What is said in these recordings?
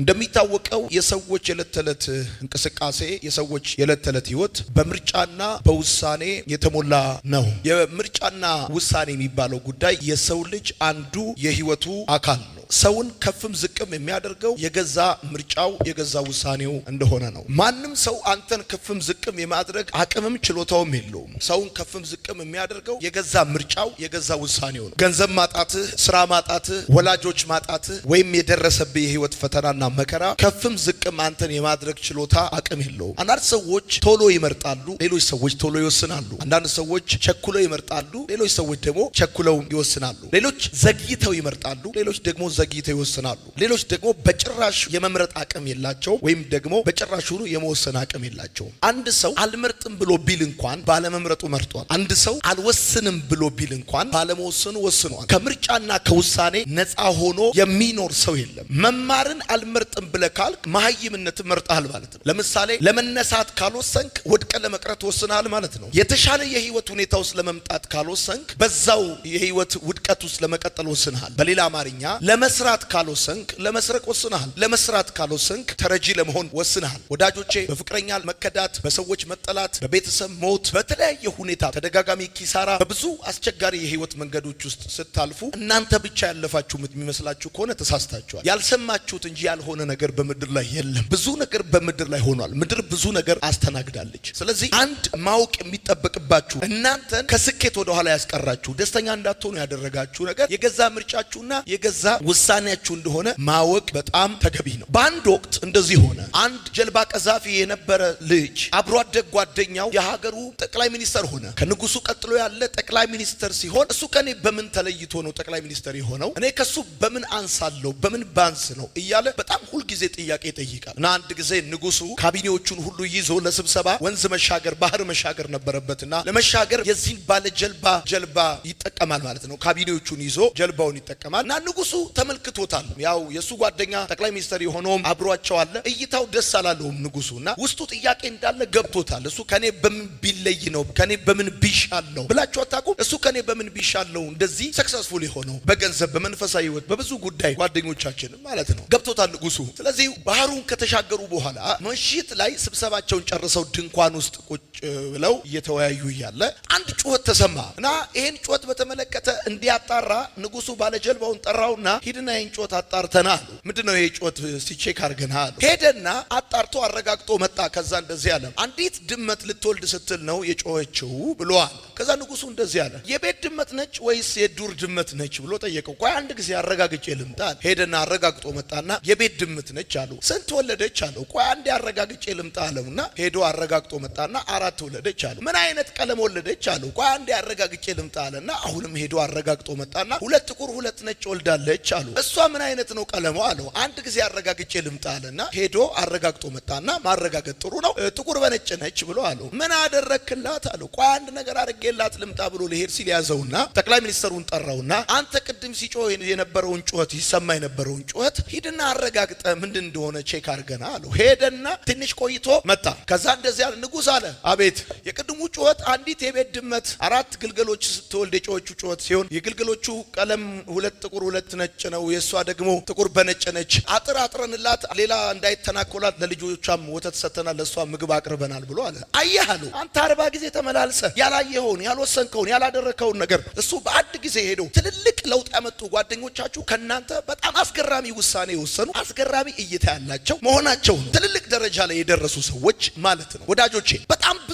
እንደሚታወቀው የሰዎች የዕለት ተዕለት እንቅስቃሴ የሰዎች የዕለት ተዕለት ህይወት በምርጫና በውሳኔ የተሞላ ነው። የምርጫና ውሳኔ የሚባለው ጉዳይ የሰው ልጅ አንዱ የህይወቱ አካል ሰውን ከፍም ዝቅም የሚያደርገው የገዛ ምርጫው የገዛ ውሳኔው እንደሆነ ነው። ማንም ሰው አንተን ከፍም ዝቅም የማድረግ አቅምም ችሎታውም የለውም። ሰውን ከፍም ዝቅም የሚያደርገው የገዛ ምርጫው የገዛ ውሳኔው ነው። ገንዘብ ማጣትህ፣ ስራ ማጣትህ፣ ወላጆች ማጣትህ ወይም የደረሰብህ የህይወት ፈተናና መከራ ከፍም ዝቅም አንተን የማድረግ ችሎታ አቅም የለውም። አንዳንድ ሰዎች ቶሎ ይመርጣሉ፣ ሌሎች ሰዎች ቶሎ ይወስናሉ። አንዳንድ ሰዎች ቸኩለው ይመርጣሉ፣ ሌሎች ሰዎች ደግሞ ቸኩለው ይወስናሉ። ሌሎች ዘግይተው ይመርጣሉ፣ ሌሎች ደግሞ ዘግይተው ይወስናሉ። ሌሎች ደግሞ በጭራሽ የመምረጥ አቅም የላቸውም፣ ወይም ደግሞ በጭራሽ ሁሉ የመወሰን አቅም የላቸውም። አንድ ሰው አልመርጥም ብሎ ቢል እንኳን ባለመምረጡ መርጧል። አንድ ሰው አልወስንም ብሎ ቢል እንኳን ባለመወሰኑ ወስኗል። ከምርጫና ከውሳኔ ነፃ ሆኖ የሚኖር ሰው የለም። መማርን አልመርጥም ብለህ ካልክ መሀይምነት መርጠሃል ማለት ነው። ለምሳሌ ለመነሳት ካልወሰንክ ወድቀ ለመቅረት ወስናል ማለት ነው። የተሻለ የህይወት ሁኔታ ውስጥ ለመምጣት ካልወሰንክ በዛው የህይወት ውድቀት ውስጥ ለመቀጠል ወስንሃል። በሌላ አማርኛ ለመስራት ካልወሰንክ ለመስረቅ ወስነሃል። ለመስራት ካልወሰንክ ተረጂ ለመሆን ወስነሃል። ወዳጆቼ በፍቅረኛ መከዳት፣ በሰዎች መጠላት፣ በቤተሰብ ሞት፣ በተለያየ ሁኔታ ተደጋጋሚ ኪሳራ፣ በብዙ አስቸጋሪ የህይወት መንገዶች ውስጥ ስታልፉ እናንተ ብቻ ያለፋችሁ የሚመስላችሁ ከሆነ ተሳስታችኋል። ያልሰማችሁት እንጂ ያልሆነ ነገር በምድር ላይ የለም። ብዙ ነገር በምድር ላይ ሆኗል። ምድር ብዙ ነገር አስተናግዳለች። ስለዚህ አንድ ማወቅ የሚጠበቅባችሁ እናንተን ከስኬት ወደኋላ ያስቀራችሁ ደስተኛ እንዳትሆኑ ያደረጋችሁ ነገር የገዛ ምርጫችሁና የገዛ ውሳኔያችሁ እንደሆነ ማወቅ በጣም ተገቢ ነው። በአንድ ወቅት እንደዚህ ሆነ። አንድ ጀልባ ቀዛፊ የነበረ ልጅ አብሮ አደግ ጓደኛው የሀገሩ ጠቅላይ ሚኒስተር ሆነ። ከንጉሱ ቀጥሎ ያለ ጠቅላይ ሚኒስተር ሲሆን እሱ ከኔ በምን ተለይቶ ነው ጠቅላይ ሚኒስተር የሆነው? እኔ ከሱ በምን አንሳለሁ? በምን ባንስ ነው እያለ በጣም ሁልጊዜ ጥያቄ ይጠይቃል። እና አንድ ጊዜ ንጉሱ ካቢኔዎቹን ሁሉ ይዞ ለስብሰባ ወንዝ መሻገር፣ ባህር መሻገር ነበረበትና ለመሻገር የዚህን ባለ ጀልባ ጀልባ ይጠቀማል ማለት ነው። ካቢኔዎቹን ይዞ ጀልባውን ይጠቀማል እና ንጉሱ ተመልክቶታል። ያው የእሱ ጓደኛ ጠቅላይ ሚኒስትር የሆነውም አብሯቸው አለ። እይታው ደስ አላለውም ንጉሱ እና ውስጡ ጥያቄ እንዳለ ገብቶታል። እሱ ከኔ በምን ቢለይ ነው ከኔ በምን ቢሻለው ብላችሁ አታውቁም? እሱ ከኔ በምን ቢሻለው እንደዚህ ሰክሰስፉል የሆነው በገንዘብ በመንፈሳዊ ህይወት በብዙ ጉዳይ ጓደኞቻችን ማለት ነው ገብቶታል ንጉሱ። ስለዚህ ባህሩን ከተሻገሩ በኋላ ምሽት ላይ ስብሰባቸውን ጨርሰው ድንኳን ውስጥ ቁጭ ብለው እየተወያዩ እያለ አንድ ጩኸት ተሰማ እና ይህን ጩኸት በተመለከተ እንዲያጣራ ንጉሱ ባለጀልባውን ጠራውና ሂድና ይህን ጮት አጣርተና አሉ። ምንድን ነው ይሄ ጮት ሲቼክ አርገና አሉ። ሄደና አጣርቶ አረጋግጦ መጣ። ከዛ እንደዚህ አለ፣ አንዲት ድመት ልትወልድ ስትል ነው የጮኸችው ብሏል። ከዛ ንጉሱ እንደዚህ አለ፣ የቤት ድመት ነች ወይስ የዱር ድመት ነች ብሎ ጠየቀው። ቆይ አንድ ጊዜ አረጋግጬ ልምጣ። ሄደና አረጋግጦ መጣና የቤት ድመት ነች አሉ። ስንት ወለደች አለው። ቆይ አንድ አረጋግጬ ልምጣ አለውና ሄዶ አረጋግጦ መጣና አራት ወለደች አለው። ምን አይነት ቀለም ወለደች አለው። ቆይ አንድ አረጋግጬ ልምጣ አለና አሁንም ሄዶ አረጋግጦ መጣና ሁለት ጥቁር ሁለት ነጭ ወልዳለች አሉ። እሷ ምን አይነት ነው ቀለሙ አለው። አንድ ጊዜ አረጋግጬ ልምጣ አለና ሄዶ አረጋግጦ መጣና ማረጋገጥ ጥሩ ነው ጥቁር በነጭ ነች ብሎ አለው። ምን አደረክላት አለው። ቆይ አንድ ነገር አድርጌላት ልምጣ ብሎ ልሄድ ሲል ያዘውና ጠቅላይ ሚኒስትሩን ጠራውና አንተ ቅድም ሲጮህ የነበረውን ጩኸት ይሰማ የነበረውን ጩኸት ሂድና አረጋግጠ ምንድን እንደሆነ ቼክ አድርገና አለው። ሄደና ትንሽ ቆይቶ መጣ። ከዛ እንደዚህ አለ ንጉስ አለ አቤት የቅድሙ ጩኸት አንዲት የቤት ድመት አራት ግልገሎች ስትወልድ የጮኸችው ጩኸት ሲሆን የግልገሎቹ ቀለም ሁለት ጥቁር ሁለት ነጭ ነው፣ የእሷ ደግሞ ጥቁር በነጭ ነች። አጥር አጥረንላት ሌላ እንዳይተናኮላት ለልጆቿም ወተት ሰተናል፣ ለእሷ ምግብ አቅርበናል ብሎ አለ። አየህ አለው አንተ አርባ ጊዜ ተመላልሰ ያላየኸውን ያልወሰንከውን ያላደረከውን ነገር እሱ በአንድ ጊዜ ሄደው ትልልቅ ለውጥ ያመጡ ጓደኞቻችሁ ከእናንተ በጣም አስገራሚ ውሳኔ የወሰኑ አስገራሚ እይታ ያላቸው መሆናቸው ነው። ትልልቅ ደረጃ ላይ የደረሱ ሰዎች ማለት ነው ወዳጆቼ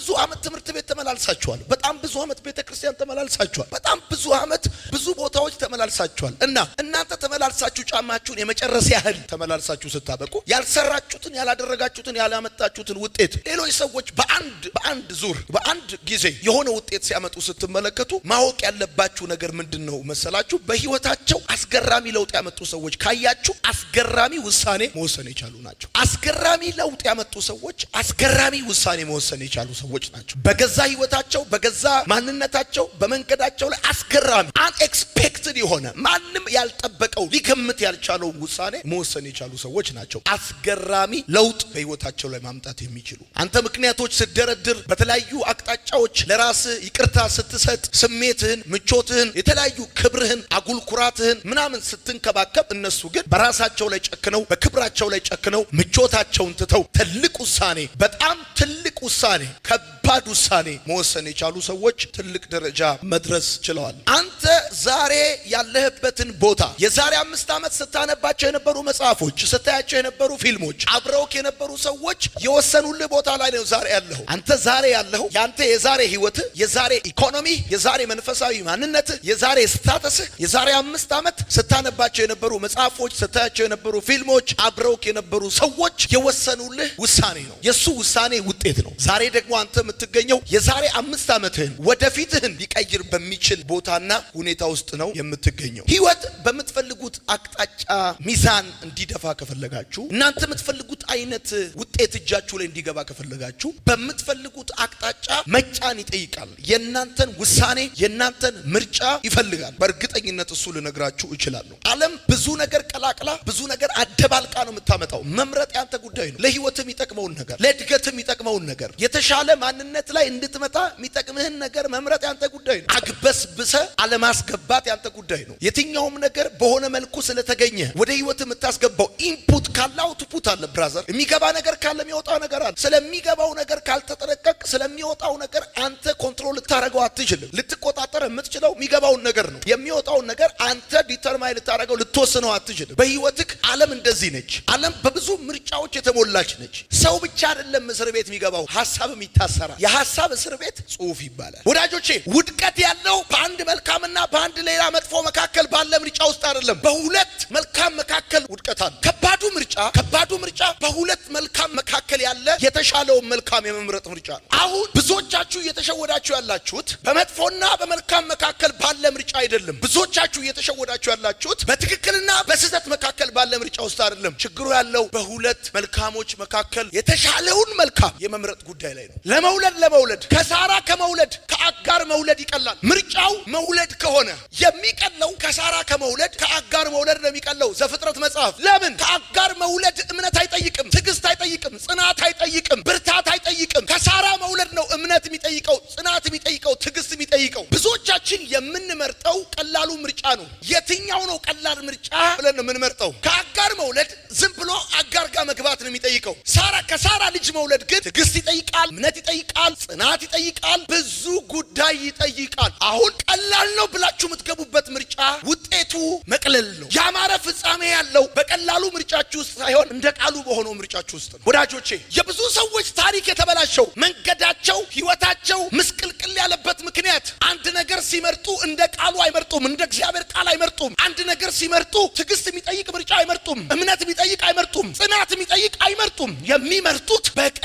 ብዙ አመት ትምህርት ቤት ተመላልሳችኋል። በጣም ብዙ አመት ቤተ ክርስቲያን ተመላልሳችኋል። በጣም ብዙ አመት ብዙ ቦታዎች ተመላልሳችኋል። እና እናንተ ተመላልሳችሁ ጫማችሁን የመጨረስ ያህል ተመላልሳችሁ ስታበቁ ያልሰራችሁትን፣ ያላደረጋችሁትን፣ ያላመጣችሁትን ውጤት ሌሎች ሰዎች በአንድ በአንድ ዙር በአንድ ጊዜ የሆነ ውጤት ሲያመጡ ስትመለከቱ ማወቅ ያለባችሁ ነገር ምንድን ነው መሰላችሁ? በህይወታቸው አስገራሚ ለውጥ ያመጡ ሰዎች ካያችሁ አስገራሚ ውሳኔ መወሰን የቻሉ ናቸው። አስገራሚ ለውጥ ያመጡ ሰዎች አስገራሚ ውሳኔ መወሰን የቻሉ ሰዎች ሰዎች ናቸው። በገዛ ህይወታቸው፣ በገዛ ማንነታቸው፣ በመንገዳቸው ላይ አስገራሚ አንኤክስፔክትድ የሆነ ማንም ያልጠበቀው ሊገምት ያልቻለው ውሳኔ መወሰን የቻሉ ሰዎች ናቸው። አስገራሚ ለውጥ በህይወታቸው ላይ ማምጣት የሚችሉ አንተ ምክንያቶች ስደረድር በተለያዩ አቅጣጫዎች ለራስ ይቅርታ ስትሰጥ፣ ስሜትህን፣ ምቾትህን፣ የተለያዩ ክብርህን፣ አጉልኩራትህን ምናምን ስትንከባከብ፣ እነሱ ግን በራሳቸው ላይ ጨክነው፣ በክብራቸው ላይ ጨክነው ምቾታቸውን ትተው ትልቅ ውሳኔ በጣም ትልቅ ቁሳኔ ከባድ ውሳኔ መወሰን የቻሉ ሰዎች ትልቅ ደረጃ መድረስ ችለዋል። አንተ ዛሬ ያለህበትን ቦታ የዛሬ አምስት ዓመት ስታነባቸው የነበሩ መጽሐፎች፣ ስታያቸው የነበሩ ፊልሞች፣ አብረውክ የነበሩ ሰዎች የወሰኑልህ ቦታ ላይ ነው ዛሬ ያለኸው። አንተ ዛሬ ያለኸው የአንተ የዛሬ ህይወት፣ የዛሬ ኢኮኖሚ፣ የዛሬ መንፈሳዊ ማንነት፣ የዛሬ ስታተስህ የዛሬ አምስት ዓመት ስታነባቸው የነበሩ መጽሐፎች፣ ስታያቸው የነበሩ ፊልሞች፣ አብረውክ የነበሩ ሰዎች የወሰኑልህ ውሳኔ ነው። የእሱ ውሳኔ ውጤት ነው። ዛሬ ደግሞ አንተ የምትገኘው የዛሬ አምስት ዓመትህን ወደፊትህን ሊቀይር በሚችል ቦታና ሁኔታ ውስጥ ነው የምትገኘው። ህይወት በምትፈልጉት አቅጣጫ ሚዛን እንዲደፋ ከፈለጋችሁ፣ እናንተ የምትፈልጉት አይነት ውጤት እጃችሁ ላይ እንዲገባ ከፈለጋችሁ፣ በምትፈልጉት አቅጣጫ መጫን ይጠይቃል። የእናንተን ውሳኔ የእናንተን ምርጫ ይፈልጋል። በእርግጠኝነት እሱ ልነግራችሁ እችላለሁ። ዓለም ብዙ ነገር ቀላቅላ ብዙ ነገር አደባልቃ ነው የምታመጣው። መምረጥ ያንተ ጉዳይ ነው። ለህይወትም ይጠቅመውን ነገር ለእድገትም ይጠቅመውን ነገር የተሻለ ማንነት ስምምነት ላይ እንድትመጣ የሚጠቅምህን ነገር መምረጥ ያንተ ጉዳይ ነው። አግበስብሰ አለማስገባት ያንተ ጉዳይ ነው። የትኛውም ነገር በሆነ መልኩ ስለተገኘ ወደ ህይወት የምታስገባው ኢንፑት ካለ አውትፑት አለ ብራዘር። የሚገባ ነገር ካለ የሚወጣ ነገር አለ። ስለሚገባው ነገር ካልተጠነቀቅ ስለሚወጣው ነገር አንተ ኮንትሮል ልታደረገው አትችልም። ልትቆጣጠር የምትችለው የሚገባውን ነገር ነው። የሚወጣውን ነገር አንተ ዲተርማይ ልታደረገው ልትወስነው አትችልም። በህይወትክ አለም እንደዚህ ነች። አለም በብዙ ምርጫዎች የተሞላች ነች። ሰው ብቻ አይደለም እስር ቤት የሚገባው ሀሳብም ይታሰራል። የሀሳብ እስር ቤት ጽሁፍ ይባላል። ወዳጆቼ ውድቀት ያለው በአንድ መልካምና በአንድ ሌላ መጥፎ መካከል ባለ ምርጫ ውስጥ አይደለም። በሁለት መልካም መካከል ውድቀት አለ። ከባዱ ምርጫ ከባዱ ምርጫ በሁለት መልካም መካከል ያለ የተሻለውን መልካም የመምረጥ ምርጫ ነው። አሁን ብዙዎቻችሁ እየተሸወዳችሁ ያላችሁት በመጥፎና በመልካም መካከል ባለ ምርጫ አይደለም። ብዙዎቻችሁ እየተሸወዳችሁ ያላችሁት በትክክልና በስህተት መካከል ባለ ምርጫ ውስጥ አይደለም። ችግሩ ያለው በሁለት መልካሞች መካከል የተሻለውን መልካም የመምረጥ ጉዳይ ላይ ነው። መውለድ ለመውለድ ከሳራ ከመውለድ ከአጋር መውለድ ይቀላል። ምርጫው መውለድ ከሆነ የሚቀለው ከሳራ ከመውለድ ከአጋር መውለድ ነው የሚቀለው። ዘፍጥረት መጽሐፍ ለምን ከአጋር መውለድ እምነት አይጠይቅም፣ ትዕግስት አይጠይቅም፣ ጽናት አይጠይቅም፣ ብርታት አይጠይቅም። ከሳራ መውለድ ነው እምነት የሚጠይቀው፣ ጽናት የሚጠይቀው፣ ትዕግስት የሚጠይቀው። ብዙዎቻችን የምንመርጠው ቀላሉ ምርጫ ነው። የትኛው ነው ቀላል ምርጫ ብለን ነው የምንመርጠው? ከአጋር መውለድ ዝም ብሎ አጋር ጋር መግባት ነው የሚጠይቀው። ሳራ ከሳራ ልጅ መውለድ ግን ትዕግስት ይጠይቃል፣ እምነት ይጠይቃል ይጠይቃል፣ ጽናት ይጠይቃል፣ ብዙ ጉዳይ ይጠይቃል። አሁን ቀላል ነው ብላችሁ የምትገቡበት ምርጫ ውጤቱ መቅለል ነው። ያማረ ፍጻሜ ያለው በቀላሉ ምርጫችሁ ውስጥ ሳይሆን እንደ ቃሉ በሆነው ምርጫችሁ ውስጥ ነው። ወዳጆቼ የብዙ ሰዎች ታሪክ የተበላሸው መንገዳቸው፣ ህይወታቸው ምስቅልቅል ያለበት ምክንያት አንድ ነገር ሲመርጡ እንደ ቃሉ አይመርጡም፣ እንደ እግዚአብሔር ቃል አይመርጡም። አንድ ነገር ሲመርጡ ትዕግስት የሚጠይቅ ምርጫ አይመርጡም፣ እምነት የሚጠይቅ አይመርጡም፣ ጽናት የሚጠይቅ አይመርጡም። የሚመርጡት በቀ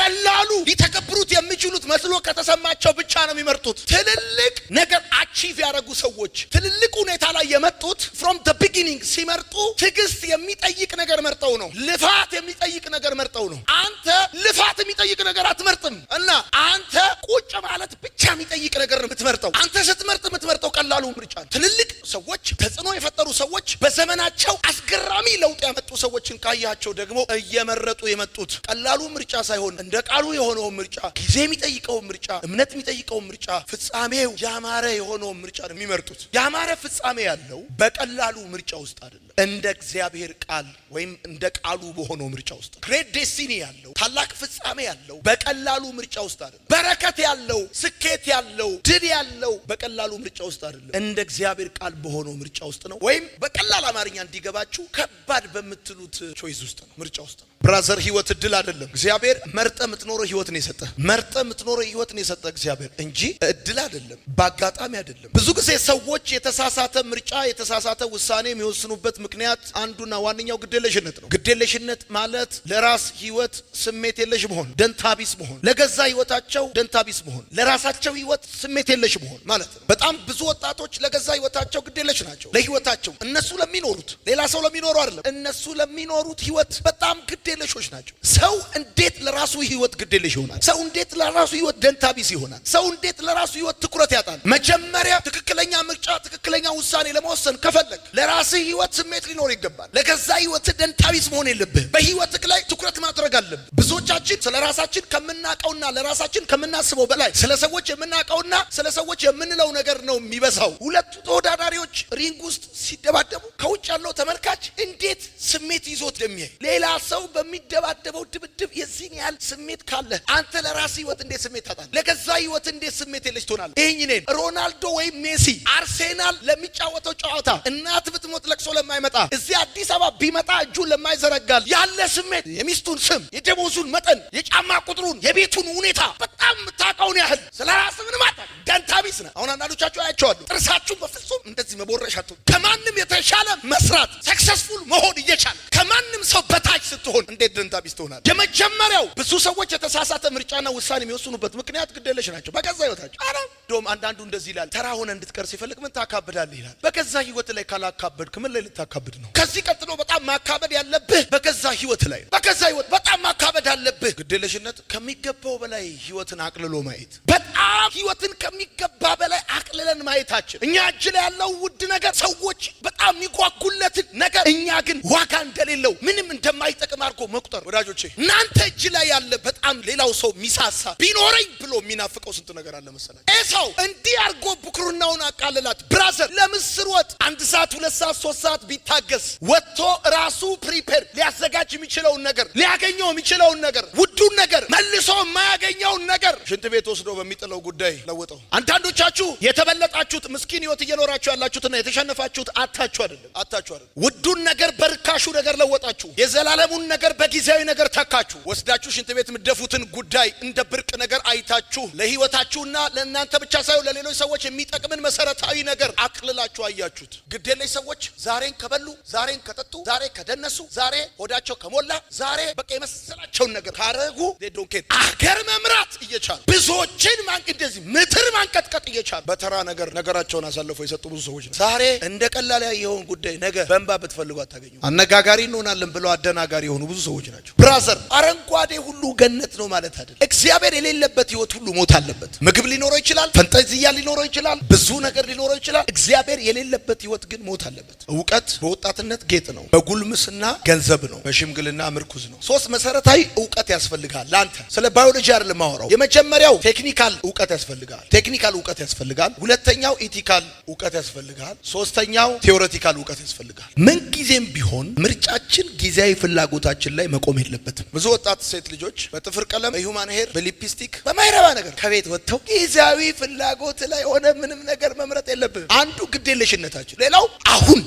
ስለተሰማቸው ብቻ ነው የሚመርጡት። ትልልቅ ነገር አቺቭ ያደረጉ ሰዎች ትልልቅ ሁኔታ ላይ የመጡት ፍሮም ቢግኒንግ ቢጊኒንግ ሲመርጡ ትዕግስት የሚጠይቅ ነገር መርጠው ነው። ልፋት የሚጠይቅ ነገር መርጠው ነው። አንተ ልፋት የሚጠይቅ ነገር አትመርጥም እና አንተ ቁጭ ማለት ብቻ የሚጠይቅ ነገር ነው የምትመርጠው። አንተ ስትመርጥ የምትመርጠው ቀላሉ ምርጫ ትልልቅ ሰዎች፣ ተጽዕኖ የፈጠሩ ሰዎች፣ በዘመናቸው አስገራሚ ለውጥ ያመጡ ሰዎችን ካያቸው ደግሞ እየመረጡ የመጡት ቀላሉ ምርጫ ሳይሆን እንደ ቃሉ የሆነውን ምርጫ፣ ጊዜ የሚጠይቀውን ምርጫ፣ እምነት የሚጠይቀውን ምርጫ፣ ፍጻሜው ያማረ የሆነውን ምርጫ ነው የሚመርጡት። ያማረ ፍጻሜ ያለው በቀላሉ ምርጫ ውስጥ አይደለም፣ እንደ እግዚአብሔር ቃል ወይም እንደ ቃሉ በሆነው ምርጫ ውስጥ ግሬት ዴስቲኒ ያለው ታላቅ ፍጻሜ ያለው በቀላሉ ምርጫ ውስጥ አይደለም። በረከት ያለው ስኬት ያለው ድል ያለው በቀላሉ ምርጫ ውስጥ አይደለም። እንደ እግዚአብሔር ቃል በሆነው ምርጫ ውስጥ ነው። ወይም በቀላል አማርኛ እንዲገባችሁ ከባድ በምትሉት ቾይዝ ውስጥ ነው፣ ምርጫ ውስጥ ነው። ብራዘር ህይወት እድል አይደለም። እግዚአብሔር መርጠ የምትኖረው ህይወት ነው የሰጠ መርጠ የምትኖረው ህይወት ነው የሰጠ እግዚአብሔር እንጂ እድል አይደለም፣ በአጋጣሚ አይደለም። ብዙ ጊዜ ሰዎች የተሳሳተ ምርጫ የተሳሳተ ውሳኔ የሚወስኑበት ምክንያት አንዱና ዋነኛው ግዴለሽነት ነው። ግዴለሽነት ማለት ለራስ ህይወት ስሜት የለሽ መሆን፣ ደንታቢስ መሆን፣ ለገዛ ህይወታቸው ደንታቢስ መሆን፣ ለራሳቸው ህይወት ስሜት የለሽ መሆን ማለት ነው። በጣም ብዙ ወጣቶች ለገዛ ህይወታቸው ግድ የለሽ ናቸው። ለህይወታቸው እነሱ ለሚኖሩት ሌላ ሰው ለሚኖሩ አይደለም፣ እነሱ ለሚኖሩት ህይወት በጣም ግድ የለሾች ናቸው። ሰው እንዴት ለራሱ ህይወት ግድ የለሽ ይሆናል? ሰው እንዴት ለራሱ ህይወት ደንታቢስ ይሆናል? ሰው እንዴት ለራሱ ህይወት ትኩረት ያጣል? መጀመሪያ ትክክለኛ ምርጫ፣ ትክክለኛ ውሳኔ ለመወሰን ከፈለግ ለራስህ ህይወት ስሜት ሊኖር ይገባል። ለገዛ ህይወት ደንታቢስ መሆን የለብህ። በህይወትህ ላይ ትኩረት ማድረግ አለብን። ብዙዎቻችን ስለ ራሳችን ከምናቀውና ለራሳችን ከምናስበው በላይ ስለ ሰዎች የምናቀውና ስለ ሰዎች የምንለው ነገር ነው የሚበዛው። ሁለቱ ተወዳዳሪዎች ሪንግ ውስጥ ሲደባደቡ ከውጭ ያለው ተመልካች እንዴት ስሜት ይዞት የሚያይ ሌላ ሰው በሚደባደበው ድብድብ የዚህን ያህል ስሜት ካለ አንተ ለራስ ህይወት እንዴት ስሜት ታጣል ለገዛ ህይወት እንዴት ስሜት የለች ትሆናለህ? ይህን ሮናልዶ ወይም ሜሲ አርሴናል ለሚጫወተው ጨዋታ እናት ብትሞት ለቅሶ ለማይመጣ እዚህ አዲስ አበባ ቢመጣ እጁን ለማይዘረጋል ያለ ስሜት የሚስቱን ስም፣ የደሞዙን መጠን፣ የጫማ ቁጥሩን፣ የቤቱን ሁኔታ በጣም የምታውቀውን ያህል ስለ ራስ ምንም አታውቅም። ደንታ ቢስ ነህ። አሁን አንዳንዶቻችሁ አያቸዋለሁ። ጥርሳችሁን በፍጹም እንደዚህ መቦረሻቱ ከማንም የተሻለ መስራት ሰክሰስፉል መሆን እየቻለ ከማንም ሰው በታች ስትሆን እንዴት ደንታ ቢስ ትሆናል? የመጀመሪያው ብዙ ሰዎች የተሳሳተ ምርጫና ውሳኔ የሚወስኑበት ምክንያት ግደለሽ ናቸው። በገዛ ህይወታቸው አረ ዶም አንዳንዱ እንደዚህ ይላል። ተራ ሆነ እንድትቀር ሲፈልግ ምን ታካብዳለህ ይላል። በገዛ ህይወት ላይ ካላካበድክ ምን ላይ ልታካብድ ነው? ከዚህ ቀጥሎ በጣም ማካበድ ያለብህ በገዛ ህይወት ላይ ነው። ከዛ ህይወት በጣም ማካበድ አለብህ። ግዴለሽነት ከሚገባው በላይ ህይወትን አቅልሎ ማየት፣ በጣም ህይወትን ከሚገባ በላይ አቅልለን ማየታችን፣ እኛ እጅ ላይ ያለው ውድ ነገር፣ ሰዎች በጣም የሚጓጉለትን ነገር እኛ ግን ዋጋ እንደሌለው ምንም እንደማይጠቅም አድርጎ መቁጠር። ወዳጆቼ እናንተ እጅ ላይ ያለ በጣም ሌላው ሰው ሚሳሳ ቢኖረኝ ብሎ የሚናፍቀው ስንት ነገር አለ መሰላችሁ። ኤሳው እንዲህ አድርጎ ብኩርናውን አቃልላት። ብራዘር ለምስር ወጥ አንድ ሰዓት፣ ሁለት ሰዓት፣ ሶስት ሰዓት ቢታገስ ወጥቶ ራሱ ፕሪፔር ሊያዘጋጅ የሚችለውን ነገር ነገር ሊያገኘው የሚችለውን ነገር ውዱን ነገር መልሶ የማያገኘውን ነገር ሽንት ቤት ወስዶ በሚጥለው ጉዳይ ለውጠው። አንዳንዶቻችሁ የተበለጣችሁት ምስኪን ህይወት እየኖራችሁ ያላችሁትና የተሸነፋችሁት አታችሁ አይደለም አታችሁ አይደለም። ውዱን ነገር በርካሹ ነገር ለወጣችሁ። የዘላለሙን ነገር በጊዜያዊ ነገር ተካችሁ። ወስዳችሁ ሽንት ቤት የምደፉትን ጉዳይ እንደ ብርቅ ነገር አይታችሁ ለህይወታችሁና ለእናንተ ብቻ ሳይሆን ለሌሎች ሰዎች የሚጠቅምን መሰረታዊ ነገር አቅልላችሁ አያችሁት። ግዴለሽ ሰዎች ዛሬን ከበሉ ዛሬን ከጠጡ ዛሬ ከደነሱ ዛሬ ሆዳቸው ከሞላ ዛሬ በቃ የመሰላቸውን ነገር ካረጉ ዶንኬ አገር መምራት እየቻሉ ብዙዎችን እንደዚህ ምትር ማንቀጥቀጥ እየቻሉ በተራ ነገር ነገራቸውን አሳልፎ የሰጡ ብዙ ሰዎች ነው። ዛሬ እንደ ቀላል የሆን ጉዳይ ነገ በንባ ብትፈልጉ አታገኙ። አነጋጋሪ እንሆናለን ብለው አደናጋሪ የሆኑ ብዙ ሰዎች ናቸው። ብራዘር አረንጓዴ ሁሉ ገነት ነው ማለት አይደለም። እግዚአብሔር የሌለበት ህይወት ሁሉ ሞት አለበት። ምግብ ሊኖረው ይችላል፣ ፈንጠዝያ ሊኖረው ይችላል፣ ብዙ ነገር ሊኖረው ይችላል። እግዚአብሔር የሌለበት ህይወት ግን ሞት አለበት። እውቀት በወጣትነት ጌጥ ነው፣ በጉልምስና ገንዘብ ነው፣ በሽምግልና ምርኩ መርኩዝ ነው። ሶስት መሰረታዊ እውቀት ያስፈልጋል ለአንተ። ስለ ባዮሎጂ አይደለም ማወራው። የመጀመሪያው ቴክኒካል እውቀት ያስፈልጋል፣ ቴክኒካል እውቀት ያስፈልጋል። ሁለተኛው ኢቲካል እውቀት ያስፈልጋል። ሶስተኛው ቴዎሬቲካል እውቀት ያስፈልጋል። ምንጊዜም ጊዜም ቢሆን ምርጫችን ጊዜያዊ ፍላጎታችን ላይ መቆም የለበትም። ብዙ ወጣት ሴት ልጆች በጥፍር ቀለም፣ በሂውማን ሄር፣ በሊፕስቲክ በማይረባ ነገር ከቤት ወጥተው ጊዜያዊ ፍላጎት ላይ ሆነ ምንም ነገር መምረጥ የለብንም። አንዱ ግዴለሽነታችን፣ ሌላው አሁን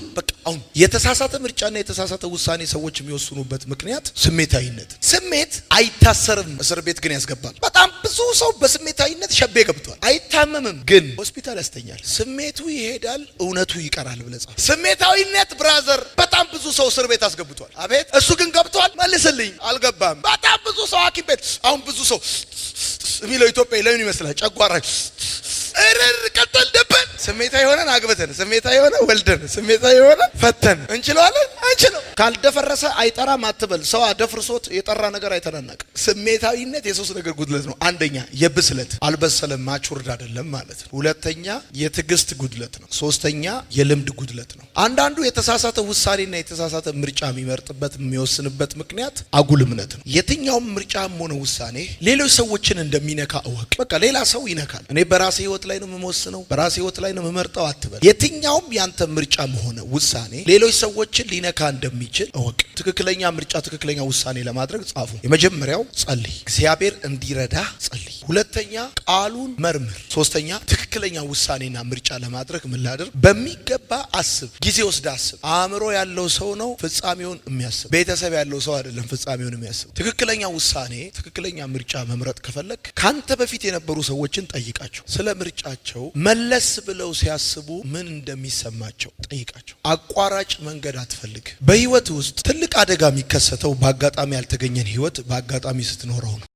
አሁን የተሳሳተ ምርጫና የተሳሳተ ውሳኔ ሰዎች የሚወስኑበት ምክንያት ስሜታዊነት። ስሜት አይታሰርም፣ እስር ቤት ግን ያስገባል። በጣም ብዙ ሰው በስሜታዊነት ሸቤ ገብቷል። አይታመምም፣ ግን ሆስፒታል ያስተኛል። ስሜቱ ይሄዳል፣ እውነቱ ይቀራል ብለጻ ስሜታዊነት ብራዘር፣ በጣም ብዙ ሰው እስር ቤት አስገብቷል። አቤት እሱ ግን ገብቷል። መልስልኝ፣ አልገባም። በጣም ብዙ ሰው ሐኪም ቤት አሁን ብዙ ሰው የሚለው ኢትዮጵያ ለምን ይመስላል? ጨጓራ እርር ቀጠል ደበል ስሜታ የሆነን አግብተን፣ ስሜታ የሆነ ወልደን፣ ስሜታ የሆነ ፈተን እንችለዋለን አንችለው። ካልደፈረሰ አይጠራም አትበል። ሰው አደፍርሶት የጠራ ነገር አይተናነቅ። ስሜታዊነት የሶስት ነገር ጉድለት ነው። አንደኛ የብስለት አልበሰለም፣ ማቹርድ አይደለም ማለት ነው። ሁለተኛ የትዕግስት ጉድለት ነው። ሶስተኛ የልምድ ጉድለት ነው። አንዳንዱ የተሳሳተ ውሳኔና የተሳሳተ ምርጫ የሚመርጥበት የሚወስንበት ምክንያት አጉል እምነት ነው። የትኛውም ምርጫም ሆነ ውሳኔ ሌሎች ሰዎችን እንደሚነካ እወቅ። በቃ ሌላ ሰው ይነካል። እኔ በራሴ ህይወት ላይ ነው የምወስነው በራሴ ህይወት ላይ ነው የምመርጠው አትበል። የትኛውም ያንተ ምርጫ መሆነ ውሳኔ ሌሎች ሰዎችን ሊነካ እንደሚችል እወቅ። ትክክለኛ ምርጫ፣ ትክክለኛ ውሳኔ ለማድረግ ጻፉ። የመጀመሪያው ጸልይ፣ እግዚአብሔር እንዲረዳ ጸልይ። ሁለተኛ ቃሉን መርምር። ሶስተኛ ትክክለኛ ውሳኔና ምርጫ ለማድረግ ምን በሚገባ አስብ። ጊዜ ወስደ አስብ። አእምሮ ያለው ሰው ነው ፍጻሜውን የሚያስብ፣ ቤተሰብ ያለው ሰው አይደለም ፍጻሜውን የሚያስብ። ትክክለኛ ውሳኔ፣ ትክክለኛ ምርጫ መምረጥ ከፈለግ ካንተ በፊት የነበሩ ሰዎችን ጠይቃቸው፣ ስለ ምርጫቸው መለስ ብለው ብለው ሲያስቡ ምን እንደሚሰማቸው ጠይቃቸው። አቋራጭ መንገድ አትፈልግ። በህይወት ውስጥ ትልቅ አደጋ የሚከሰተው በአጋጣሚ ያልተገኘን ህይወት በአጋጣሚ ስትኖረው ነው።